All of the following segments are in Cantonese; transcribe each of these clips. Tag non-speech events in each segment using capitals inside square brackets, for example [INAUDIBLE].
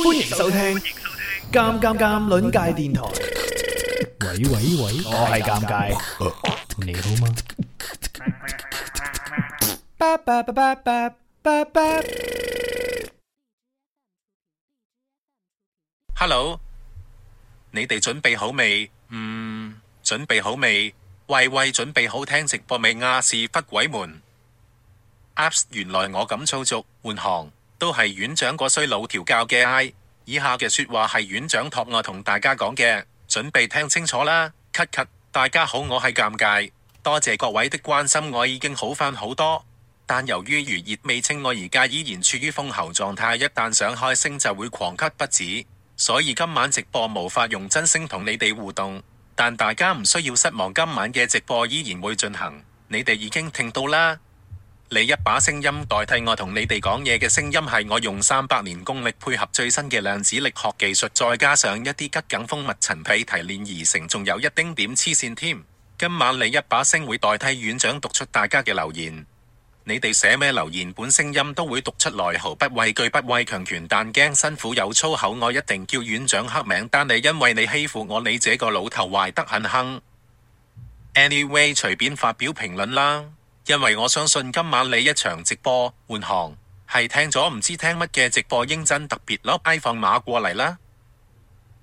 歡迎收聽《尷尷尷》鄰界電台。喂喂喂，我係尷尬，你好嗎？Hello，你哋準備好未？嗯，準備好未？喂喂，準備好聽《直播未亞視忽鬼門》？Apps，原來我咁操作換行。都係院長個衰佬調教嘅。唉，以下嘅說話係院長託我同大家講嘅，準備聽清楚啦。咳咳，大家好，我係尷尬，多謝各位的關心，我已經好返好多，但由於餘熱未清，我而家依然處於封喉狀態，一旦想開聲就會狂咳不止，所以今晚直播無法用真聲同你哋互動，但大家唔需要失望，今晚嘅直播依然會進行，你哋已經聽到啦。你一把聲音代替我同你哋講嘢嘅聲音係我用三百年功力配合最新嘅量子力學技術，再加上一啲桔梗蜂蜜陳皮提煉而成，仲有一丁點黐線添。今晚你一把聲會代替院長讀出大家嘅留言。你哋寫咩留言，本聲音都會讀出來，毫不畏懼，不畏強權，但驚辛苦有粗口，我一定叫院長黑名。但你因為你欺負我，你這個老頭壞得很。哼，Anyway，隨便發表評論啦。因為我相信今晚你一場直播換行係聽咗唔知聽乜嘅直播，英真，特別攞 iPhone 碼過嚟啦。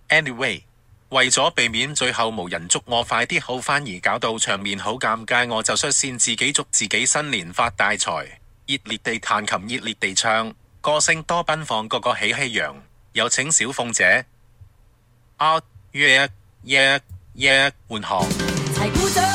Anyway，為咗避免最後無人祝我快啲好返而搞到場面好尷尬，我就率先自己祝自己新年發大財，熱烈地彈琴，熱烈地唱，歌聲多奔放，個個喜氣揚。有請小鳳姐，阿約約約換行。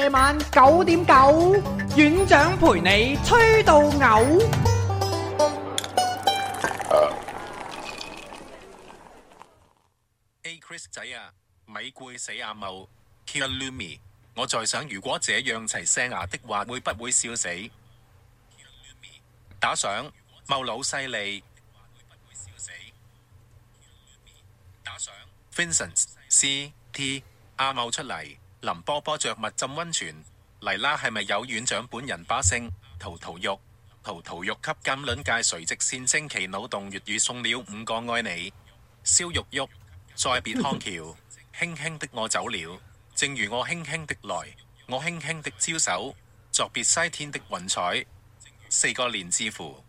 夜晚九點九，院長陪你吹到嘔。A Chris 仔啊，咪攰死阿茂。Killumi，我在想，如果這樣齊聲牙的話，會不會笑死？Killumi，打賞。茂佬犀利。Killumi，打賞。Vincent CT，阿茂出嚟。林波波着物浸溫泉嚟啦，係咪有院長本人把聲？陶陶玉，陶陶玉給金輪界垂直線精奇腦洞粵語送了五個愛你，肖玉玉再別康橋，輕輕的我走了，正如我輕輕的來，我輕輕的招手，作別西天的雲彩。四個連字符，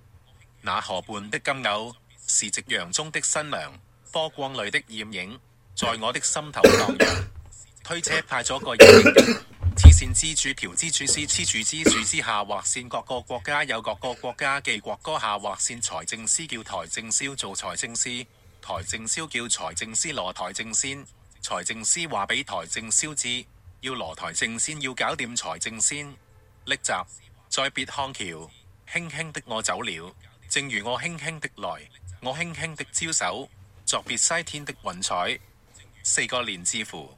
那河畔的金柳，是夕陽中的新娘，波光裏的艷影，在我的心頭蕩漾。推車派咗個人。慈善之柱，條支柱絲，黐柱之柱之下劃線各個國家有各個國家嘅國歌下劃線。財政司叫財政蕭做財政司」財政台燒，財政蕭叫財政司羅財政先。財政司話俾財政蕭知，要羅財政先要搞掂財政先。匿集再別康橋，輕輕的我走了，正如我輕輕的來，我輕輕的招手，作別西天的雲彩。四個連字符。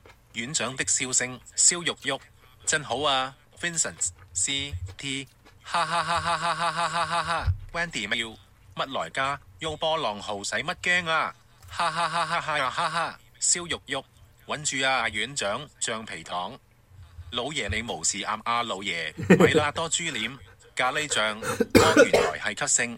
院長的笑聲，燒肉肉，真好啊，Vincent C T，哈哈哈哈哈哈哈哈哈哈，Wendy 咪要？乜來家？用波浪號使乜驚啊？哈哈哈哈哈哈，燒肉肉，穩住啊，院長，橡皮糖，老爺你冇事啱啊！老爺，米拉多豬臉，咖喱醬，原來係咳聲。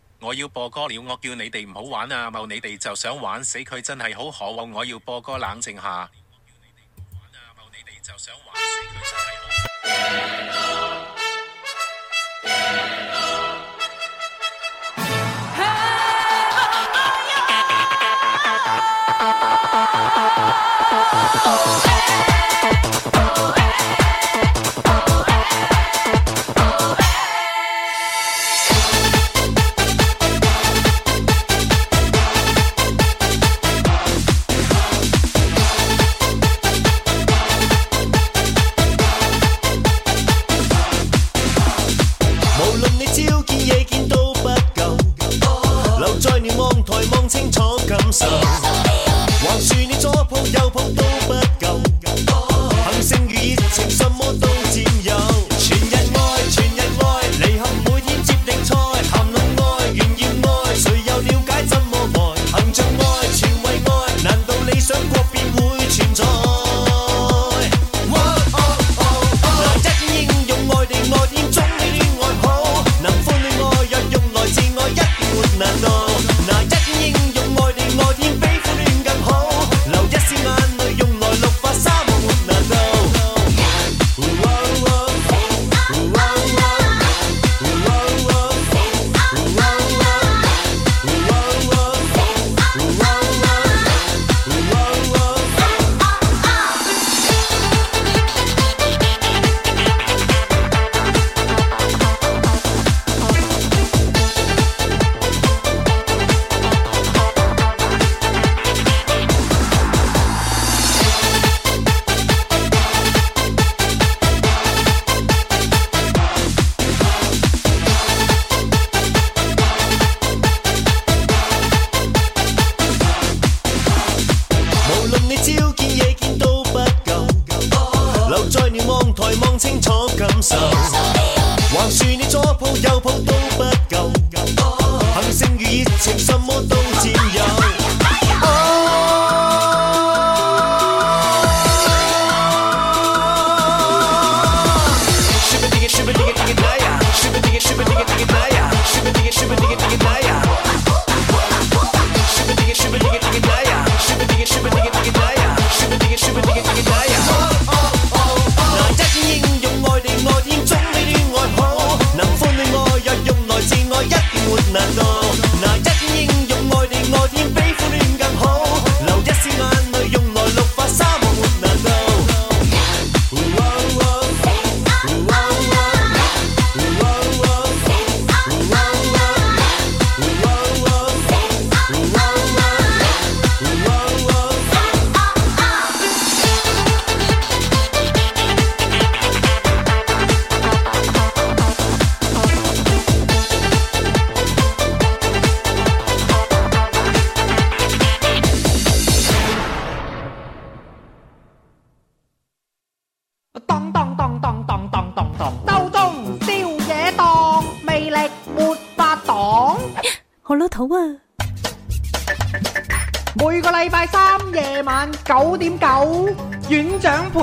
我要播歌了，我叫你哋唔好玩啊，茂你哋就想玩死佢，真係好可惡！我要播歌冷靜下。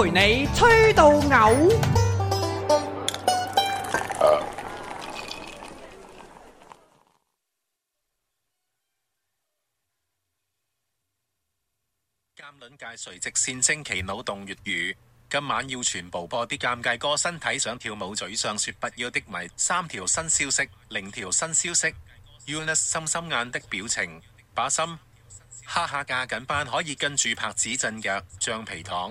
陪你吹到嘔，監論、uh. [NOISE] [NOISE] 界垂直煽聲，清奇腦洞粵語。今晚要全部播啲尷尬歌，身體想跳舞，嘴上說不要的咪。三條新消息，零條新消息。Unas 心心眼的表情，把心哈哈，加緊班，可以跟住拍子震腳，橡皮糖。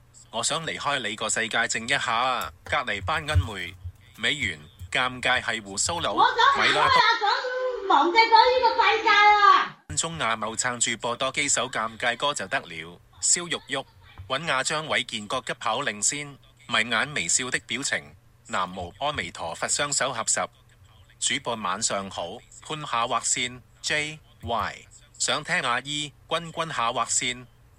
我想離開你個世界靜一下，隔離班恩梅美元，尷尬係鬍鬚佬。我想離開，想忘記咗呢個世界啊！分鐘阿茂撐住播多幾首尷尬歌就得了。肖玉旭揾亞張偉建國急跑領先，迷眼微笑的表情，南無阿彌陀佛，雙手合十。主播晚上好，潘下劃線 J Y，想聽阿姨君君下劃線。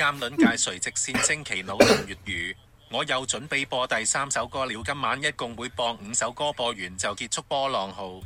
啱輪界垂直線，蒸奇腦同粵語，我又準備播第三首歌了。今晚一共會播五首歌，播完就結束波浪號。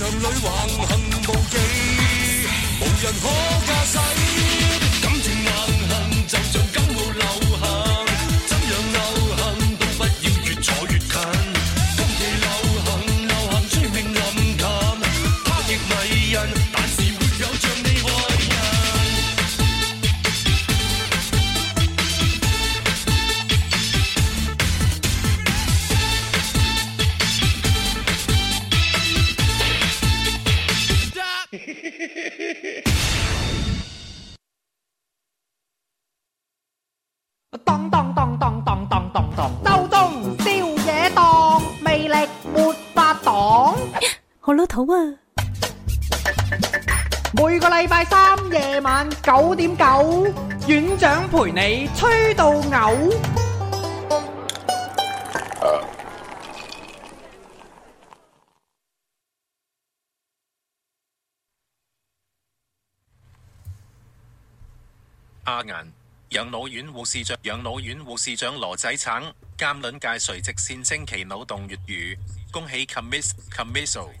場裏橫行無忌，無人可。好啊！每個禮拜三夜晚九點九，院長陪你吹到嘔。阿顏養老院護士長，養老院護士長羅仔橙監論界垂直線，升級腦洞粵語，恭喜 commitment。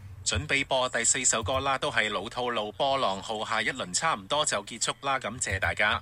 準備播第四首歌啦，都係老套路波浪號，下一輪差唔多就結束啦，感謝大家。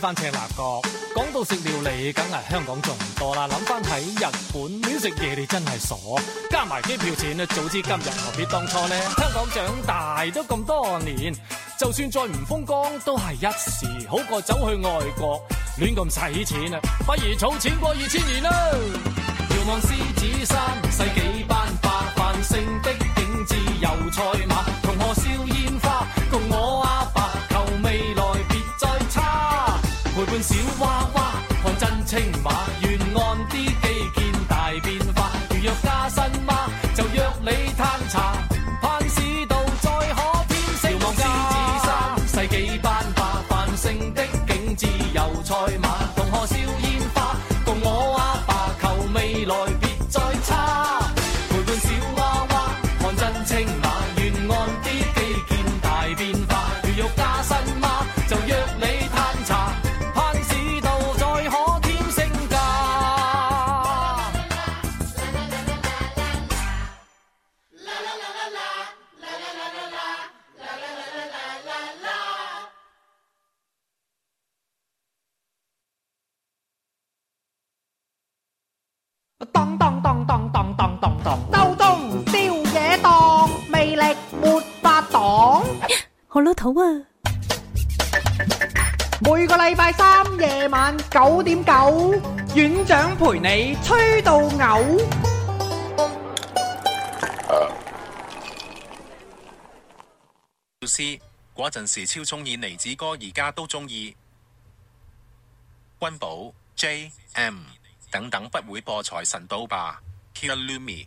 翻赤鱲角，講到食料理，梗係香港仲唔多啦。諗翻喺日本亂食嘢， [MUSIC] 你，你真係傻。加埋機票錢啊，早知今日何必當初呢？香港長大咗咁多年，就算再唔風光，都係一時。好過走去外國亂咁使錢啊，不如儲錢過二千年啦。遙望獅子山，世紀班花，凡盛的景緻，油菜馬。夜晚九點九，院長陪你吹到嘔。老師，嗰陣時超中意尼子哥，而家都中意君寶、JM 等等，不會播財神刀吧？Kilumi。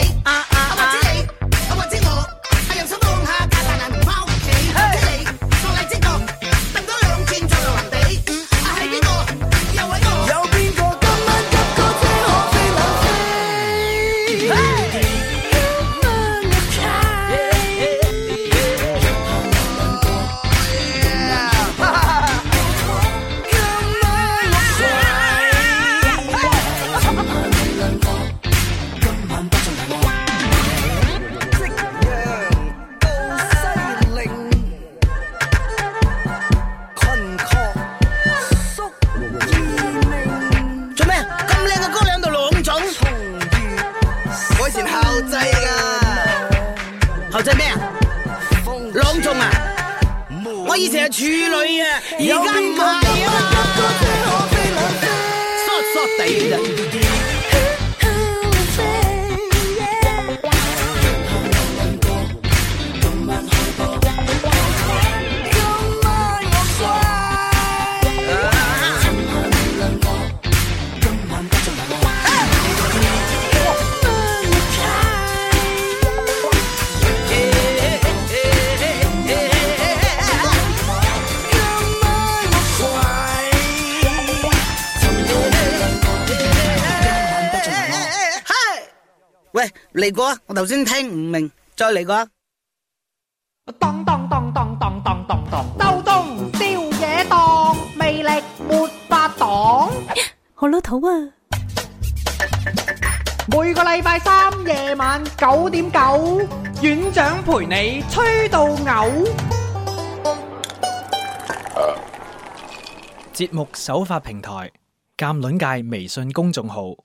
我即係咩啊？郎中啊！我以前係處女啊，而家唔係啊！啊！嚟過啊！我頭先聽唔明，再嚟過啊！咚咚咚咚咚咚咚咚，刀中燒嘢檔，魅力沒法擋。我老土啊！每個禮拜三夜晚九點九，院長陪你吹到嘔。節目首發平台：鑑卵界微信公眾號。